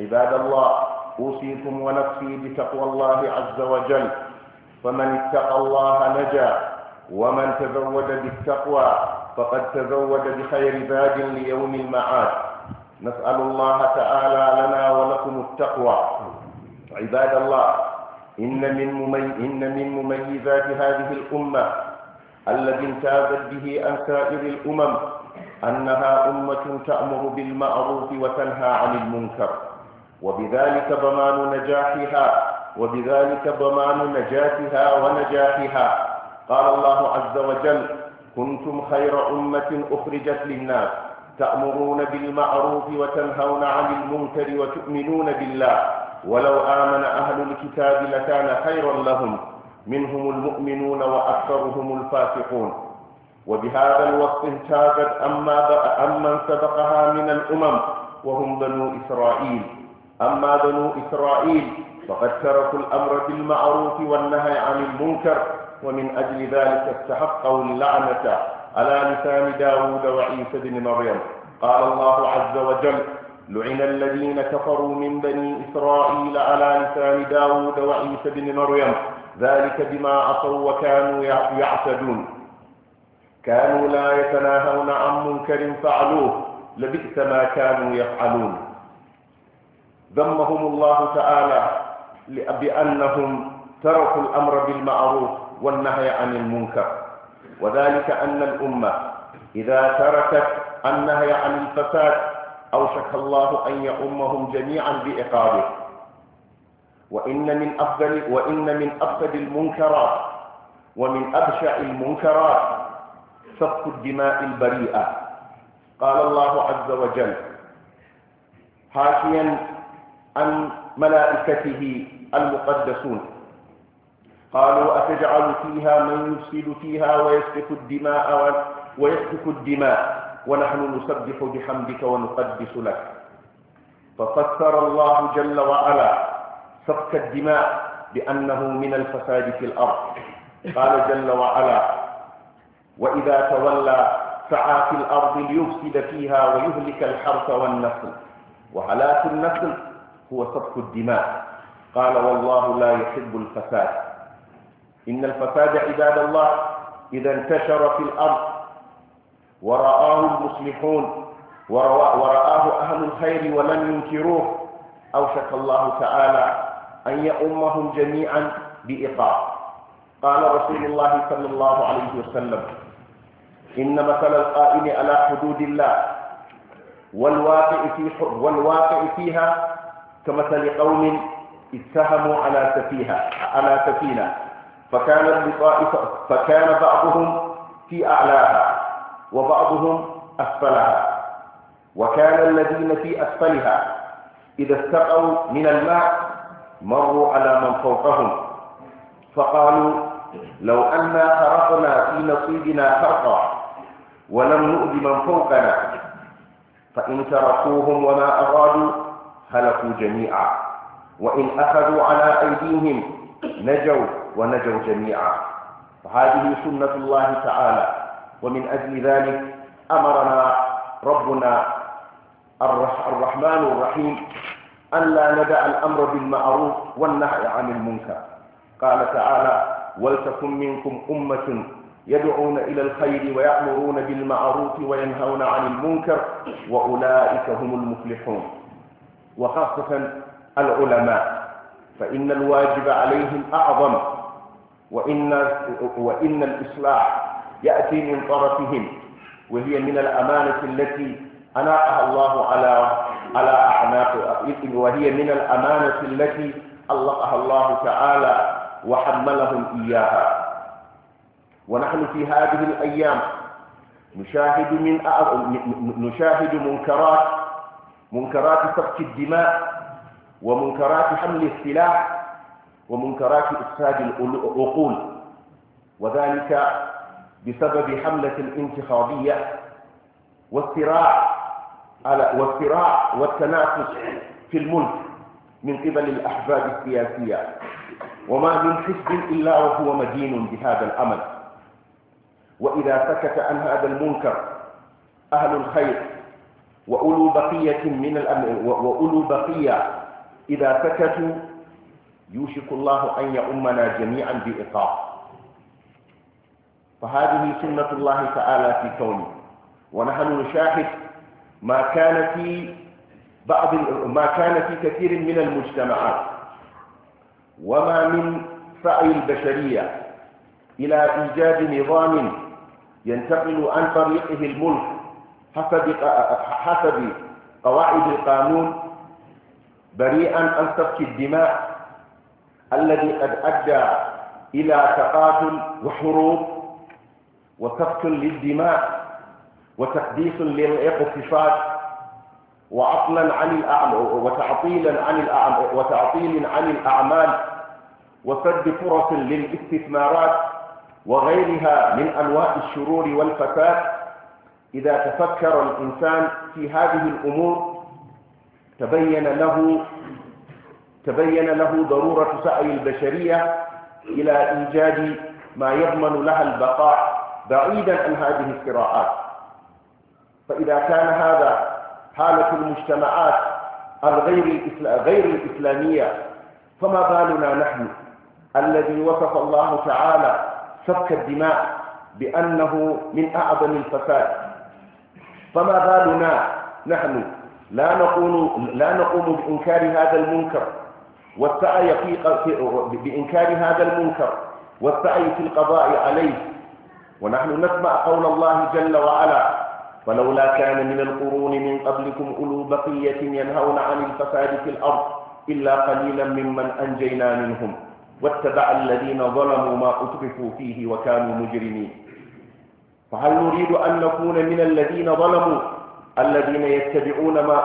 عباد الله أوصيكم ونفسي بتقوى الله عز وجل فمن اتقى الله نجا ومن تزود بالتقوى فقد تزود بخير زاد ليوم المعاد نسأل الله تعالى لنا ولكم التقوى عباد الله إن من, ممي... إن من مميزات هذه الأمة الذي امتازت به عن سائر الأمم أنها أمة تأمر بالمعروف وتنهى عن المنكر وبذلك ضمان نجاحها وبذلك ضمان نجاتها ونجاحها قال الله عز وجل كنتم خير أمة أخرجت للناس تأمرون بالمعروف وتنهون عن المنكر وتؤمنون بالله ولو آمن أهل الكتاب لكان خيرا لهم منهم المؤمنون وأكثرهم الفاسقون وبهذا الوقت انتابت أما أمن سبقها من الأمم وهم بنو إسرائيل أما بنو إسرائيل فقد تركوا الأمر بالمعروف والنهي عن المنكر ومن أجل ذلك استحقوا اللعنة على لسان داود وعيسى بن مريم قال الله عز وجل لعن الذين كفروا من بني إسرائيل على لسان داود وعيسى بن مريم ذلك بما عصوا وكانوا يعتدون كانوا لا يتناهون عن منكر فعلوه لبئس ما كانوا يفعلون ذمهم الله تعالى بأنهم تركوا الأمر بالمعروف والنهي عن المنكر وذلك أن الأمة إذا تركت النهي عن الفساد أوشك الله أن يؤمهم جميعا بإقابه وإن من أفضل وإن من أفضل المنكرات ومن أبشع المنكرات سفك الدماء البريئة قال الله عز وجل حاشيا عن ملائكته المقدسون قالوا أتجعل فيها من يفسد فيها ويسفك الدماء ويسفك الدماء ونحن نسبح بحمدك ونقدس لك ففسر الله جل وعلا سفك الدماء بأنه من الفساد في الأرض قال جل وعلا وإذا تولى سعى في الأرض ليفسد فيها ويهلك الحرث والنسل وهلاك النسل هو سفك الدماء قال والله لا يحب الفساد إن الفساد عباد الله إذا انتشر في الأرض ورآه المصلحون ورآه أهل الخير ولم ينكروه أوشك الله تعالى أن يأمهم جميعا بإقاب قال رسول الله صلى الله عليه وسلم إن مثل القائم على حدود الله والواقع, في والواقع فيها كمثل قوم اتهموا على سفيها على سفينة فكانت بطائفة فكان بعضهم في أعلاها وبعضهم أسفلها وكان الذين في أسفلها إذا استقوا من الماء مروا على من فوقهم فقالوا لو أنا خرقنا في نصيبنا خرقا ولم نؤذ من فوقنا فإن تركوهم وما أرادوا هلكوا جميعا وإن أخذوا على أيديهم نجوا ونجوا جميعا فهذه سنة الله تعالى ومن أجل ذلك أمرنا ربنا الرحمن الرحيم أن لا ندع الأمر بالمعروف والنهي عن المنكر قال تعالى ولتكن منكم أمة يدعون إلى الخير ويأمرون بالمعروف وينهون عن المنكر وأولئك هم المفلحون وخاصة العلماء فإن الواجب عليهم أعظم وإن, وإن الإصلاح يأتي من طرفهم وهي من الأمانة التي أناقها الله على على أعناق وهي من الأمانة التي ألقها الله تعالى وحملهم إياها ونحن في هذه الأيام نشاهد من نشاهد منكرات منكرات سفك الدماء ومنكرات حمل السلاح ومنكرات إفساد العقول وذلك بسبب حملة الانتخابية والصراع على والصراع والتنافس في الملك من قبل الأحزاب السياسية وما من حزب إلا وهو مدين بهذا الأمل وإذا سكت عن هذا المنكر أهل الخير وأولو بقية من الأمر وأولو بقية إذا سكتوا يوشك الله أن يؤمنا جميعا بإطاعة فهذه سنة الله تعالى في كونه ونحن نشاهد ما كان في بعض ما كان في كثير من المجتمعات وما من سعي البشرية إلى إيجاد نظام ينتقل عن طريقه الملك حسب حسب قواعد القانون بريئا أن سفك الدماء الذي قد أدى إلى تقاتل وحروب وسفك للدماء وتقديس للاقتصاد وعطلا عن وتعطيلا عن وتعطيل عن الأعمال وسد فرص للاستثمارات وغيرها من أنواع الشرور والفساد إذا تفكر الإنسان في هذه الأمور تبين له تبين له ضرورة سعي البشرية إلى إيجاد ما يضمن لها البقاء بعيدا عن هذه الصراعات فإذا كان هذا حالة المجتمعات الغير غير الإسلامية فما بالنا نحن الذي وصف الله تعالى سفك الدماء بأنه من أعظم الفساد فما بالنا نحن لا نقول لا نقوم بإنكار هذا المنكر والسعي في بإنكار هذا المنكر والسعي في القضاء عليه ونحن نسمع قول الله جل وعلا فلولا كان من القرون من قبلكم أولو بقية ينهون عن الفساد في الأرض إلا قليلا ممن أنجينا منهم واتبع الذين ظلموا ما أترفوا فيه وكانوا مجرمين فهل نريد أن نكون من الذين ظلموا الذين يتبعون ما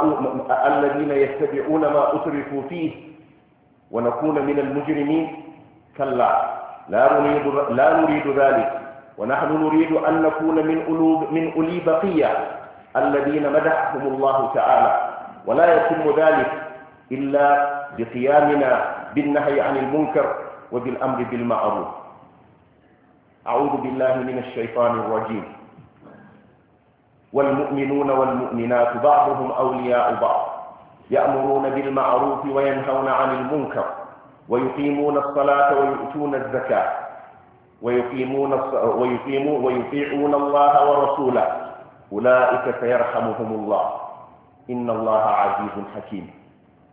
الذين يتبعون ما أترفوا فيه ونكون من المجرمين كلا لا نريد لا نريد ذلك ونحن نريد أن نكون من أولوب من أولي بقية الذين مدحهم الله تعالى ولا يتم ذلك إلا بقيامنا بالنهي عن المنكر وبالأمر بالمعروف أعوذ بالله من الشيطان الرجيم والمؤمنون والمؤمنات بعضهم أولياء بعض يأمرون بالمعروف وينهون عن المنكر ويقيمون الصلاة ويؤتون الزكاة ويقيمون ويقيمون ويطيعون الله ورسوله أولئك سيرحمهم الله إن الله عزيز حكيم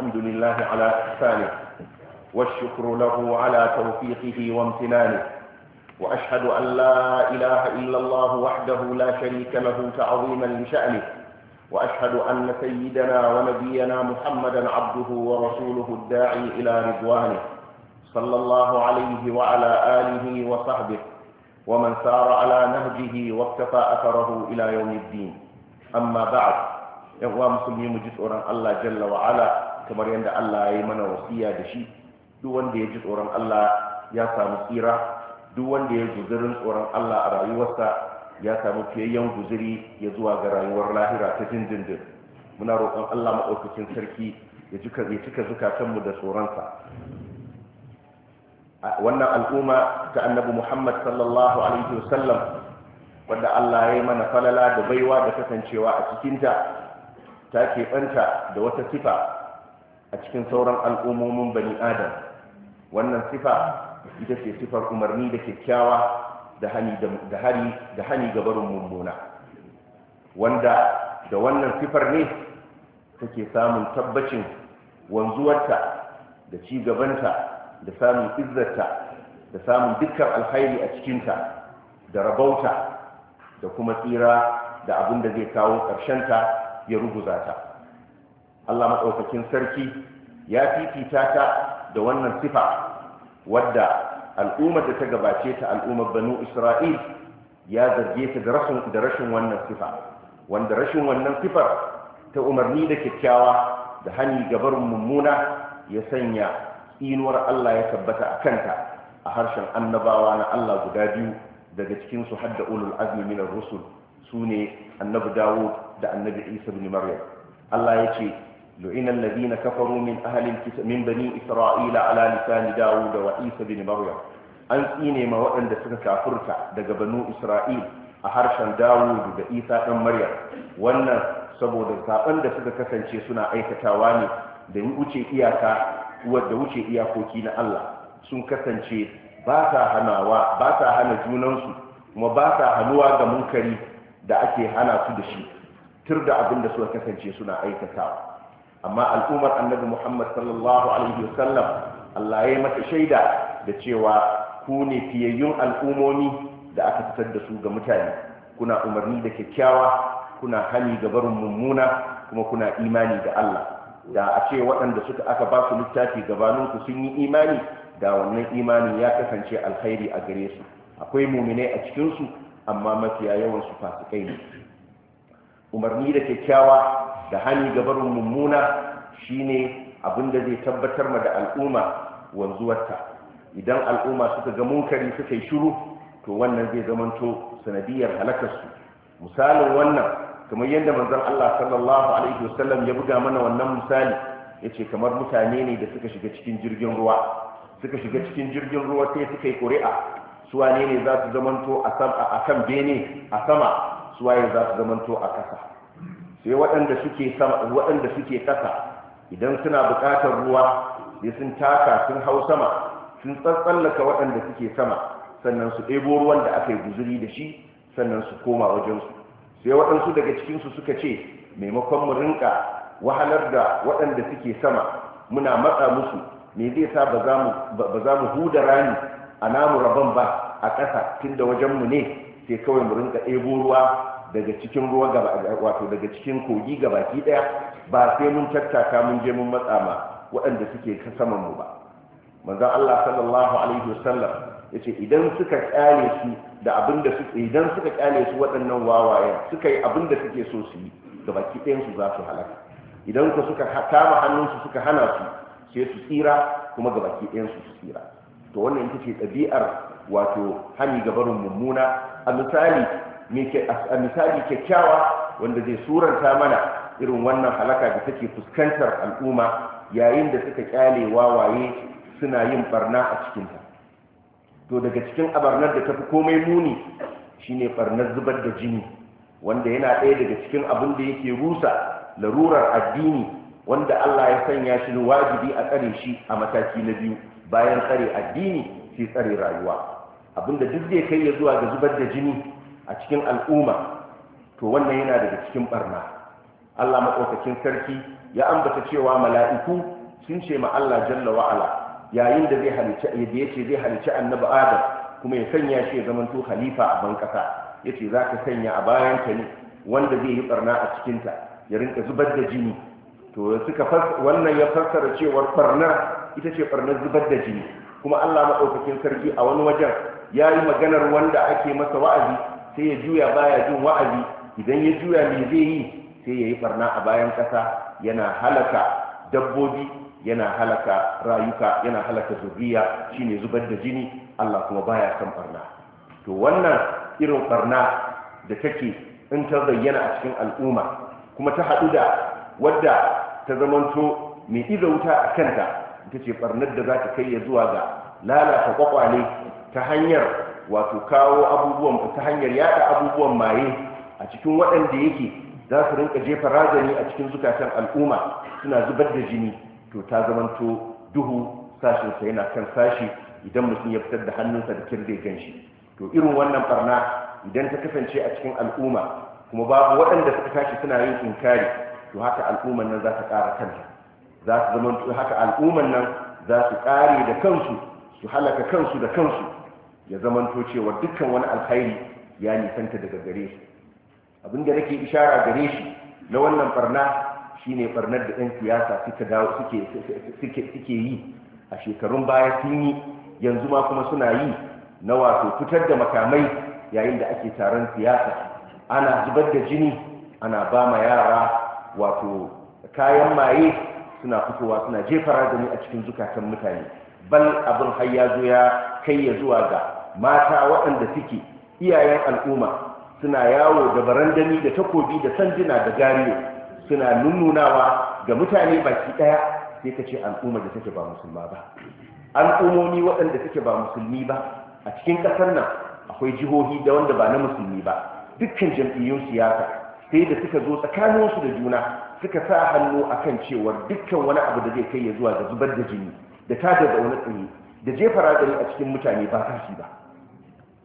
الحمد لله على إحسانه والشكر له على توفيقه وامتنانه وأشهد أن لا إله إلا الله وحده لا شريك له تعظيما لشأنه وأشهد أن سيدنا ونبينا محمدا عبده ورسوله الداعي إلى رضوانه صلى الله عليه وعلى آله وصحبه ومن سار على نهجه واقتفى أثره إلى يوم الدين أما بعد إخوة مسلمين جزء الله جل وعلا kamar yadda Allah ya yi mana wasiya da shi duk wanda ya ji tsoron Allah ya samu tsira duk wanda ya guzurin tsoron Allah a rayuwarsa ya samu fiyayyen guzuri ya zuwa ga rayuwar lahira ta dindindin muna roƙon Allah maɗaukacin sarki ya cika zukatanmu da tsoronsa wannan al'umma ta annabi Muhammad sallallahu alaihi wasallam wanda Allah ya yi mana falala da baiwa da kasancewa a cikinta ta keɓanta da wata sifa a cikin sauran al'ummomin bani adam wannan sifa ita ce sifar umarni da kyakkyawa da hani ga barin mummuna wanda da wannan sifar ne take samun tabbacin wanzuwarta da ci gabanta da samun izzarta da samun dukkan alhaili a cikinta da rabauta da kuma tsira da abin da zai kawo ta ya ruguza ta Allah maɗaukakin sarki ya fifita ta da wannan sifa wadda al'ummar da ta gabace ta al'ummar banu isra'il ya zarge ta da rashin wannan sifa wanda rashin wannan sifar ta umarni da kyakkyawa da hani gabar mummuna ya sanya inuwar Allah ya tabbata a kanta a harshen annabawa na Allah guda biyu daga cikin su hadda ulul azmi min ar-rusul sune annabi Dawud da annabi Isa ibn Maryam Allah ya ce لعن الذين كفروا من أهل من بني إسرائيل على لسان داود وعيسى بن مريم أن إني ما وعند سكك أفرك دق بنو إسرائيل أحرشا داود وعيسى بن مريم وأن سبو دقاء أن سكك سنشي سنا أي تتاواني da wuce iyaka da wuce iyakoki na Allah sun kasance ba ta hanawa ba ta hana junansu kuma ba ta hannuwa ga munkari da ake hana su da shi tur da abin da suka kasance suna aikatawa amma al'ummar annabi muhammad sallallahu alaihi wasallam allah ya mata shaida da cewa ku ne fiyayyun al'ummomi da aka fitar da su ga mutane kuna umarni da kyakkyawa kuna hali ga barin mummuna kuma kuna imani da allah da a ce waɗanda suka aka ba su littafi gabaninku sun yi imani da wannan imanin ya kasance alkhairi a gare su akwai muminai a cikinsu amma mafiya yawan su fasikai ne umarni da kyakkyawa da hani ga barin mummuna shine abin da zai tabbatar ma da al'umma wanzuwarta idan al'umma suka ga munkari suka yi shiru to wannan zai zamanto sanadiyar halakarsu misalin wannan kamar yadda manzon Allah sallallahu alaihi wasallam ya buga mana wannan misali yace kamar mutane ne da suka shiga cikin jirgin ruwa suka shiga cikin jirgin ruwa sai suka yi ƙuri'a wane ne za su zamanto a kan bene a sama suwaye za su zamanto a ƙasa sai waɗanda suke sama waɗanda suke ƙasa idan suna buƙatar ruwa sai sun taka sun hau sama sun tsatsallaka waɗanda suke sama sannan su ɗebo ruwan da aka yi guzuri da shi sannan su koma wajensu sai waɗansu daga cikinsu suka ce maimakon mu rinka wahalar da waɗanda suke sama muna matsa musu me zai sa ba za mu huda rani a namu rabon ba a ƙasa tunda wajen mu ne sai kawai mu rinka ɗebo ruwa daga cikin ruwa wato daga cikin kogi ga baki daya ba sai mun tattaka mun je mun matsa ma waɗanda suke saman mu ba manzon Allah sallallahu alaihi wasallam yace idan suka kyale su da abinda suke idan suka kyale su waɗannan wawayen suka yi abinda suke so su yi ga baki ɗayan su za su halaka idan ku suka kama hannunsu suka hana su sai su tsira kuma ga baki ɗayan su su tsira to wannan ita ce ɗabi'ar wato hani ga barin mummuna a misali a misali kyakkyawa wanda zai suranta mana irin wannan halaka da take fuskantar al'umma yayin da suka kyale wawaye suna yin barna a cikinta to daga cikin abarnar da tafi komai muni shine barnar zubar da jini wanda yana ɗaya daga cikin abin da yake rusa larurar addini wanda Allah ya sanya shi wajibi a tsare shi a mataki na biyu bayan tsare addini sai tsare rayuwa abinda duk zai kai ya zuwa ga zubar da jini a cikin al'umma to wannan yana daga cikin barna Allah maɗaukakin sarki ya ambata cewa mala'iku sun ce ma Allah jalla wa'ala yayin da zai halicci yadda ya ce zai annabi adam kuma ya sanya shi ya zamanto khalifa a ban ƙasa ya ce za ka sanya a bayan ka ne wanda zai yi barna a cikinta ya rinka zubar da jini to suka wannan ya fassara cewar barnar ita ce barnar zubar da jini kuma Allah maɗaukakin sarki a wani wajen ya yi maganar wanda ake masa wa'azi sai ya juya baya jin wa'azi idan ya juya me zai yi sai ya yi barna a bayan ƙasa yana halaka dabbobi yana halaka rayuka yana halaka zuriya shine zubar da jini Allah kuma baya son barna to wannan irin barna da take in ta bayyana a cikin al'umma kuma ta haɗu da wadda ta zamanto mai iza wuta a kanta ita ce farnar da za ta kai ya zuwa ga lalata kwakwale ta hanyar wato kawo abubuwan ta hanyar yada abubuwan maye a cikin waɗanda yake za su rinka jefa ragani a cikin zukatan al'umma suna zubar da jini to ta zamanto duhu sashinsa yana kan sashi idan mutum ya fitar da hannunsa da kirde gan shi to irin wannan barna idan ta kasance a cikin al'umma kuma babu waɗanda suka tashi suna yin inkari to haka al'umman nan za ta ƙara kanta za su zama haka al'umman nan za su ƙare da kansu su halaka kansu da kansu ya zamanto cewa dukkan wani alkhairi ya nisanta daga gare shi abin da nake ishara gare shi na wannan barna shine barnar da ɗan siyasa suka dawo suke suke yi a shekarun baya sun yi yanzu ma kuma suna yi na wato fitar da makamai yayin da ake taron siyasa ana zubar da jini ana ba ma yara wato kayan maye suna fitowa suna jefa ragani a cikin zukatan mutane bal abin har ya zo ya kai ya zuwa ga mata waɗanda suke iyayen al'umma suna yawo da barandani da takobi da sanduna da gariyo suna nunnunawa ga mutane baki ɗaya sai ka ce al'umma da take ba musulma ba al'ummomi waɗanda suke ba musulmi ba a cikin ƙasar nan akwai jihohi da wanda ba na musulmi ba dukkan jam'iyyun siyasa sai da suka zo tsakaninsu da juna suka sa hannu akan cewar dukkan wani abu da zai kai ya zuwa ga zubar da jini da tada da wani tsaye da jefa ratsari a cikin mutane ba kashi ba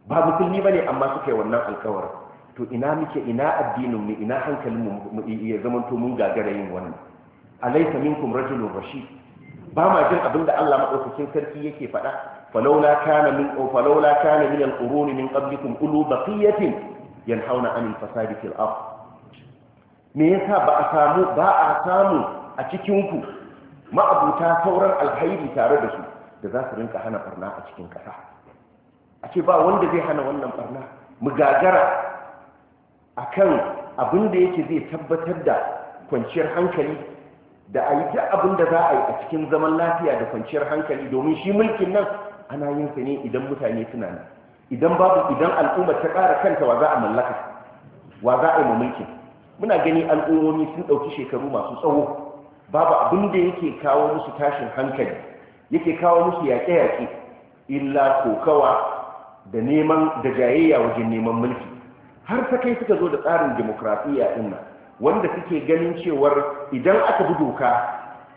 ba musulmi ne amma suka yi wannan alkawarin to ina muke ina addinin mu ina hankalin mu ya zama to mun gagara yin wannan alaysa minkum rajulun rashid ba ma jin abin da Allah madaukakin sarki yake faɗa falaula kana min aw kana min al-quruni min qablikum ulu baqiyatin yanhauna anil fasadi fil ard me yasa ba a samu ba a samu a cikin ku ma'abuta sauran alkhairi tare da su da za su rinka hana barna a cikin ƙasa a ce ba wanda zai hana wannan barna mu gagara a kan abin da yake zai tabbatar da kwanciyar hankali da a yi ta abin da za a yi a cikin zaman lafiya da kwanciyar hankali domin shi mulkin nan ana yin sa ne idan mutane suna nan idan babu idan al'umma ta ƙara kanta wa za a mallaka wa za a yi mulkin muna gani al'ummomi sun ɗauki shekaru masu tsawo babu abin da yake kawo musu tashin hankali yake kawo musu yaƙe-yaƙe illa kokawa da neman da jayayya wajen neman mulki har ta kai suka zo da tsarin demokradiyya din nan wanda suke ganin cewar idan aka bi doka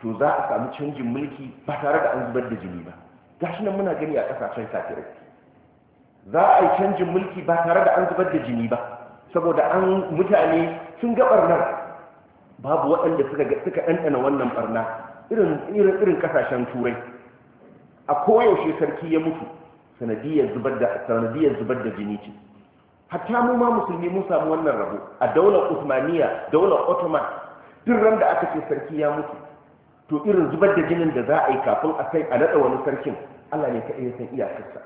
to za a samu canjin mulki ba tare da an zubar da jini ba gashi nan muna gani a kasashen kafirai za a yi canjin mulki ba tare da an zubar da jini ba saboda an mutane sun ga barnar babu waɗanda suka ga ɗanɗana wannan barna irin irin kasashen turai a koyaushe sarki ya mutu sanadiyar zubar da jini ce hatta mu ma musulmi mun samu wannan rabo a daular Usmaniya daular Ottoman duk ran da aka ce sarki ya mutu to irin zubar da jinin da za a yi kafin a sai a nada wani sarkin Allah ne ka iya san iyakarsa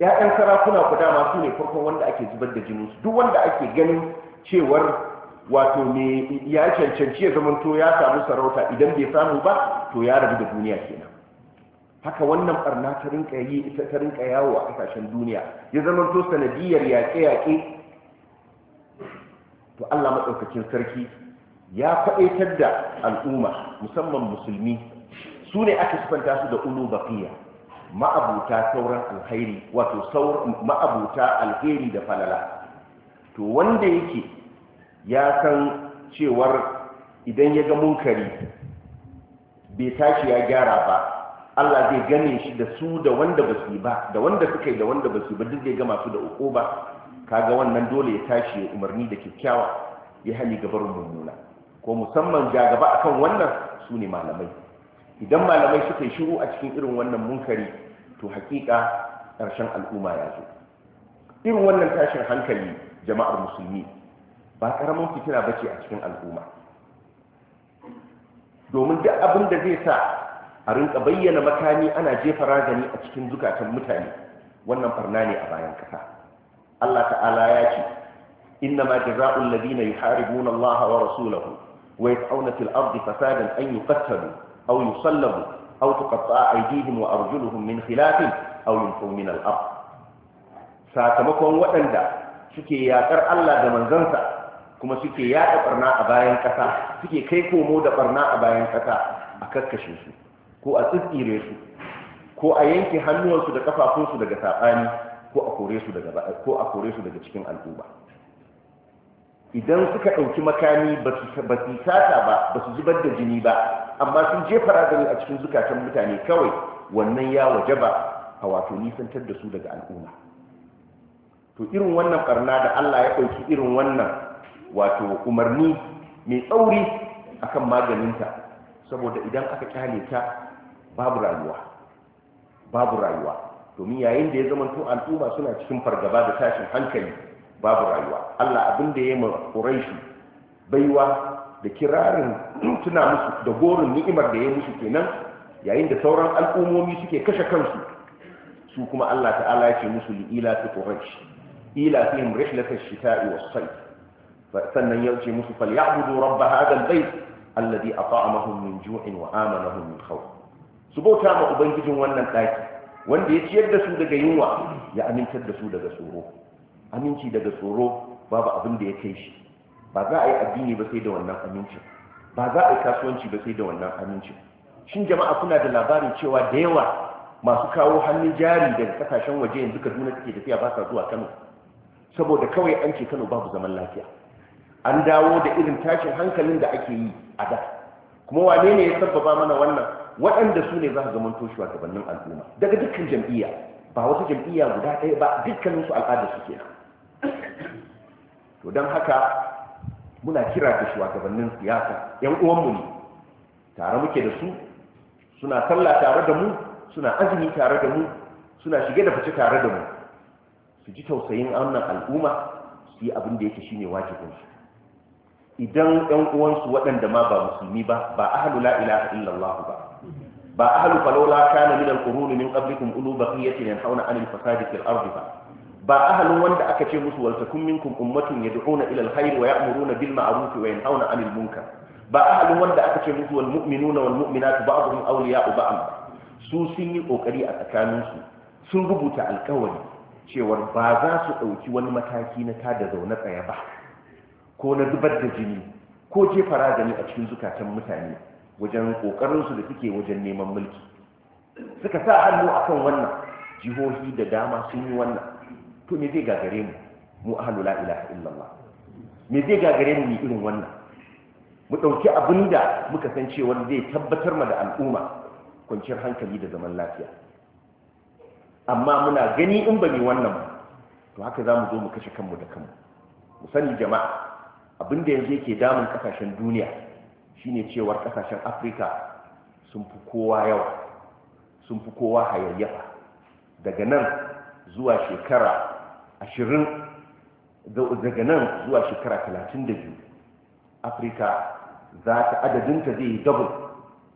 ‘ya'yan sarakuna ku dama su ne farkon wanda ake zubar da jinin su duk wanda ake ganin cewar wato me ya cancanci ya zamanto ya samu sarauta idan bai samu ba to ya rabu da duniya kenan haka wannan barna ta rinka yi ita ta rinka yawo a kasashen duniya ya zama to sanadiyar yaƙe-yaƙe to Allah maɗaukakin sarki ya faɗaitar da al'umma musamman musulmi su ne aka sifanta su da ulu baqiya ma'abuta sauran alkhairi wato ma'abuta alheri da falala to wanda yake ya san cewar idan ya ga munkari bai tashi ya gyara ba Allah zai gane shi da su da wanda ba su ba da wanda suka yi da wanda ba su ba duk zai gama su da uku ba kaga wannan dole ya tashi ya umarni da kyakkyawa ya hali gabar mummuna ko musamman ja gaba akan wannan su ne malamai idan malamai suka yi shiru a cikin irin wannan munkari to hakika ƙarshen al'umma ya zo irin wannan tashin hankali jama'ar musulmi ba ƙaramin fitina ba ce a cikin al'umma domin duk abin da zai sa a rinka bayyana makami ana jefa ragani a cikin zukatan mutane wannan farna ne a bayan kasa Allah ta'ala ya ce inna ma jazaa'ul ladina yuharibuna Allah wa rasulahu wa yas'una fil ardi fasadan an yuqattalu aw yusallabu aw tuqatta'a aydihim wa arjuluhum min khilafin aw yunfaw min al ard sakamakon waɗanda suke yakar Allah da manzansa kuma suke yaɗa barna a bayan kasa suke kai komo da barna a bayan kasa a kakkashe su ko a tsitsire su ko a yanke hannuwansu da kafafunsu daga saɓani ko a kore su daga cikin al'umma idan suka ɗauki makami ba su sata ba ba su zubar da jini ba amma sun jefa gani a cikin zukatan mutane kawai wannan ya waje ba a wato nisantar da su daga al'umma to irin wannan barna da Allah ya ɗauki irin wannan wato umarni mai tsauri akan maganinta saboda idan aka kyale ta babu rayuwa babu rayuwa domin yayin da ya zama to al'umma suna cikin fargaba da tashin hankali babu rayuwa Allah abin da ya yi Quraishi baiwa da kirarin tuna musu da gorin ni'imar da ya musu kenan yayin da sauran al'ummomi suke kashe kansu su kuma Allah ta'ala ya ce musu li'ila ta Quraish ila fihim rihlat ash-shita'i was-sayf sannan ya ce musu falyabudu rabb hadha al-bayt alladhi at'amahum min ju'in wa amanahum min khawf su bauta ma ubangijin wannan ɗaki wanda ya ciyar da su daga yunwa ya amintar da su daga tsoro aminci daga tsoro babu abin da ya kai shi ba za a yi addini ba sai da wannan amincin ba za a yi kasuwanci ba sai da wannan amincin shin jama'a kuna da labarin cewa da yawa masu kawo hannun jari daga kasashen waje yanzu kaduna take tafiya ba sa zuwa kano saboda kawai an ce kano babu zaman lafiya an dawo da irin tashin hankalin da ake yi a da kuma wane ne ya sabbaba mana wannan waɗanda su ne za su zama toshe gabanin al'umma daga dukkan jam'iyya ba wata jam'iyya guda ɗaya ba dukkanin su al'ada su kenan to don haka muna kira da shugabannin siyasa yan uwanmu ne tare muke da su suna sallah tare da mu suna azumi tare da mu suna shige da fice tare da mu su ji tausayin wannan al'umma su yi abin da yake shine wajibin su idan 'yan uwansu waɗanda ma ba musulmi ba ba ahlu la ilaha illallah ba ba ahlu falawla kana min al-qurun min qablikum ulu baqiyatin yanhauna 'anil fasadi fil ardi ba ba ahalin wanda aka ce musu wal takum minkum ummatun yad'una ila al-khair wa ya'muruna bil ma'ruf wa yanhauna 'anil munkar ba ahalin wanda aka ce musu wal mu'minuna wal mu'minatu ba'dhum awliya'u ba'd su sun yi kokari a tsakaninsu sun rubuta alkawari cewar ba za su ɗauki wani mataki na tada zaune tsaye ba ko na zubar da jini ko jefa ragani a cikin zukatan mutane wajen kokarinsu da suke wajen neman mulki suka sa hannu akan wannan jihohi da dama sun yi wannan to me zai gagare mu mu ahlu la ilaha illallah me zai gagare mu mu irin wannan mu dauki abin muka san cewa zai tabbatar mu da al'umma kwanciyar hankali da zaman lafiya amma muna gani in ba mu wannan ba to haka za mu zo mu kashe kanmu da kanmu mu sani jama'a abinda yanzu yake damun kasashen duniya shine cewar kasashen afirka sun fi kowa yawa sun fi kowa hayayyafa daga nan zuwa shekara ashirin daga nan zuwa shekara talatin da biyu afirka za ta adadinta zai yi double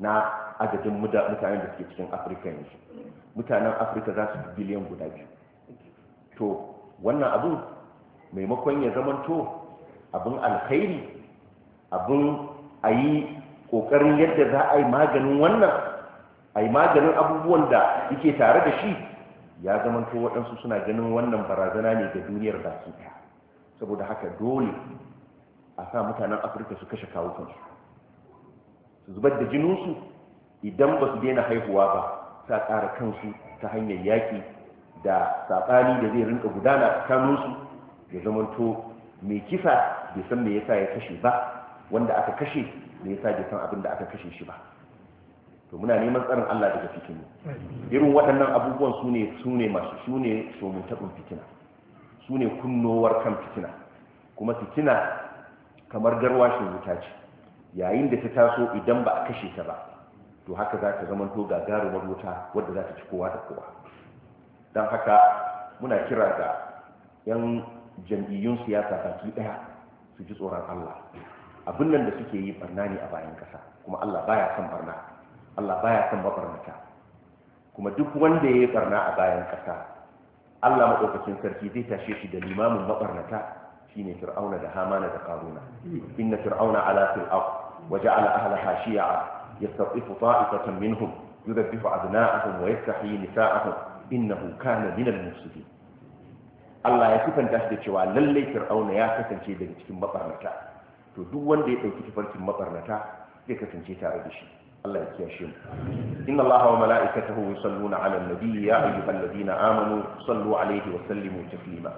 na adadin mutanen da suke cikin afirka yanzu mutanen afirka za su fi biliyan guda biyu to wannan abin maimakon ya zamanto abin alkhairi abin a yi ƙoƙarin yadda za a yi maganin wannan a yi maganin abubuwan da yake tare da shi ya zamanto waɗansu suna ganin wannan barazana ne ga duniyar baki ɗaya saboda haka dole a sa mutanen afirka su kashe kawukansu su zubar da jininsu idan ba su daina haihuwa ba sa ƙara kansu ta hanyar yaƙi da saɓani da zai rinka gudana tsakaninsu ya zamanto mai kisa bai san me yasa ya kashe ba wanda aka kashe da ya sa abin da aka kashe shi ba to muna neman tsarin Allah daga fitini irin waɗannan abubuwan su ne su ne masu su ne taɓin fitina su ne kunnowar kan fitina kuma fitina kamar garwashin wuta ce yayin da ta taso idan ba a kashe ta ba to haka za ta zama to gagarumar wuta wadda za ta ci kowa da kowa don haka muna kira ga 'yan jam'iyyun siyasa baki ɗaya su ji tsoron Allah abin nan da suke yi barna ne a bayan ƙasa, kuma Allah baya son barna Allah baya son mabarnata kuma duk wanda ya yi barna a bayan kasa Allah maɗaukacin sarki zai tashe shi da limamin mabarnata shine fir'auna da hamana da qaruna inna fir'auna ala fil ard wa ja'ala ahlaha shi'a yastatifu ta'ifatan minhum yudabbihu abna'ahum wa yastahyi nisa'ahum innahu kana min al-mufsidin Allah ya sifanta shi da cewa lallai fir'auna ya kasance daga cikin mabarnata to duk wanda ya ɗauki tafarkin mabarnata zai kasance tare da shi Allah ya kiyashe mu inna Allah wa mala'ikatahu yusalluna 'alan nabiyyi ya ayyuhalladhina amanu sallu 'alayhi wa sallimu taslima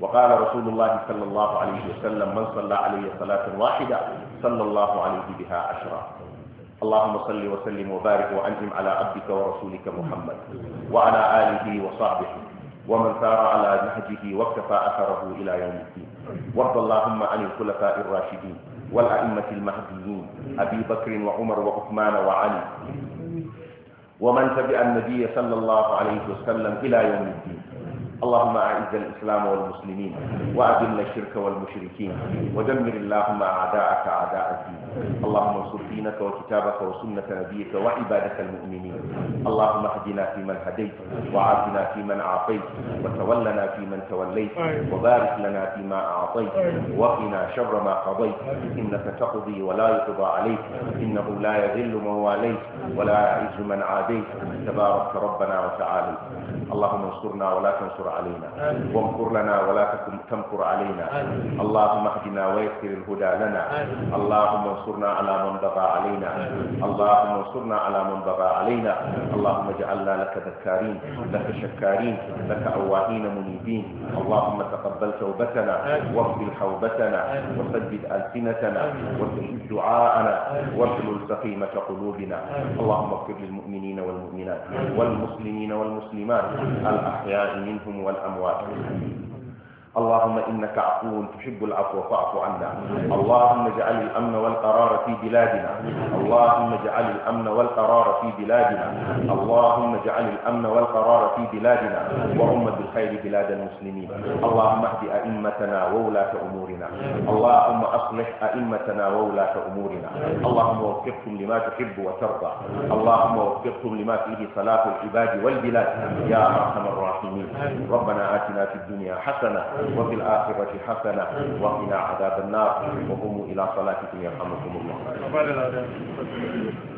wa qala rasulullah sallallahu 'alayhi wa sallam man salla 'alayhi salatan wahida sallallahu 'alayhi biha ashra اللهم صل وسلم وبارك وانعم على عبدك ورسولك محمد وعلى اله وصحبه ومن سار على نهجه واكتفى أثره إلى يوم الدين وارض اللهم عن الخلفاء الراشدين والأئمة المهديين أبي بكر وعمر وعثمان وعلي ومن تبع النبي صلى الله عليه وسلم إلى يوم الدين اللهم أعز الإسلام والمسلمين وأذل الشرك والمشركين ودمر اللهم أعداءك أعداء الدين اللهم انصر دينك وكتابك وسنة نبيك وعبادك المؤمنين اللهم اهدنا فيمن هديت وعافنا فيمن عافيت وتولنا فيمن توليت وبارك لنا فيما أعطيت وقنا شر ما قضيت إنك تقضي ولا يقضى عليك إنه لا يذل من واليت ولا يعز من عاديت تبارك ربنا وتعالى اللهم انصرنا ولا تنصر تمكر علينا وامكر لنا ولا تكن تمكر علينا اللهم اهدنا ويسر الهدى لنا اللهم انصرنا على من بغى علينا اللهم انصرنا على من بغى علينا اللهم اجعلنا لك ذكارين لك شكارين لك أواهين منيبين اللهم تقبل توبتنا واغفر حوبتنا وسدد ألسنتنا وسجد دعاءنا واحلل سقيمة قلوبنا اللهم اغفر للمؤمنين والمؤمنات والمسلمين والمسلمات الأحياء منهم والأموات اللهم إنك عفو تحب العفو فاعف عنا اللهم اجعل الأمن والقرار في بلادنا اللهم اجعل الأمن والقرار في بلادنا اللهم اجعل الأمن والقرار في بلادنا وأمة الخير بلاد المسلمين اللهم اهد أئمتنا وولاة أمورنا اللهم أصلح أئمتنا وولاة أمورنا اللهم وفقهم لما تحب وترضى اللهم وفقهم لما فيه صلاح العباد والبلاد يا أرحم الراحمين ربنا آتنا في الدنيا حسنة وفي الآخرة حسنة وقنا عذاب النار وقوموا إلى صلاتكم يرحمكم الله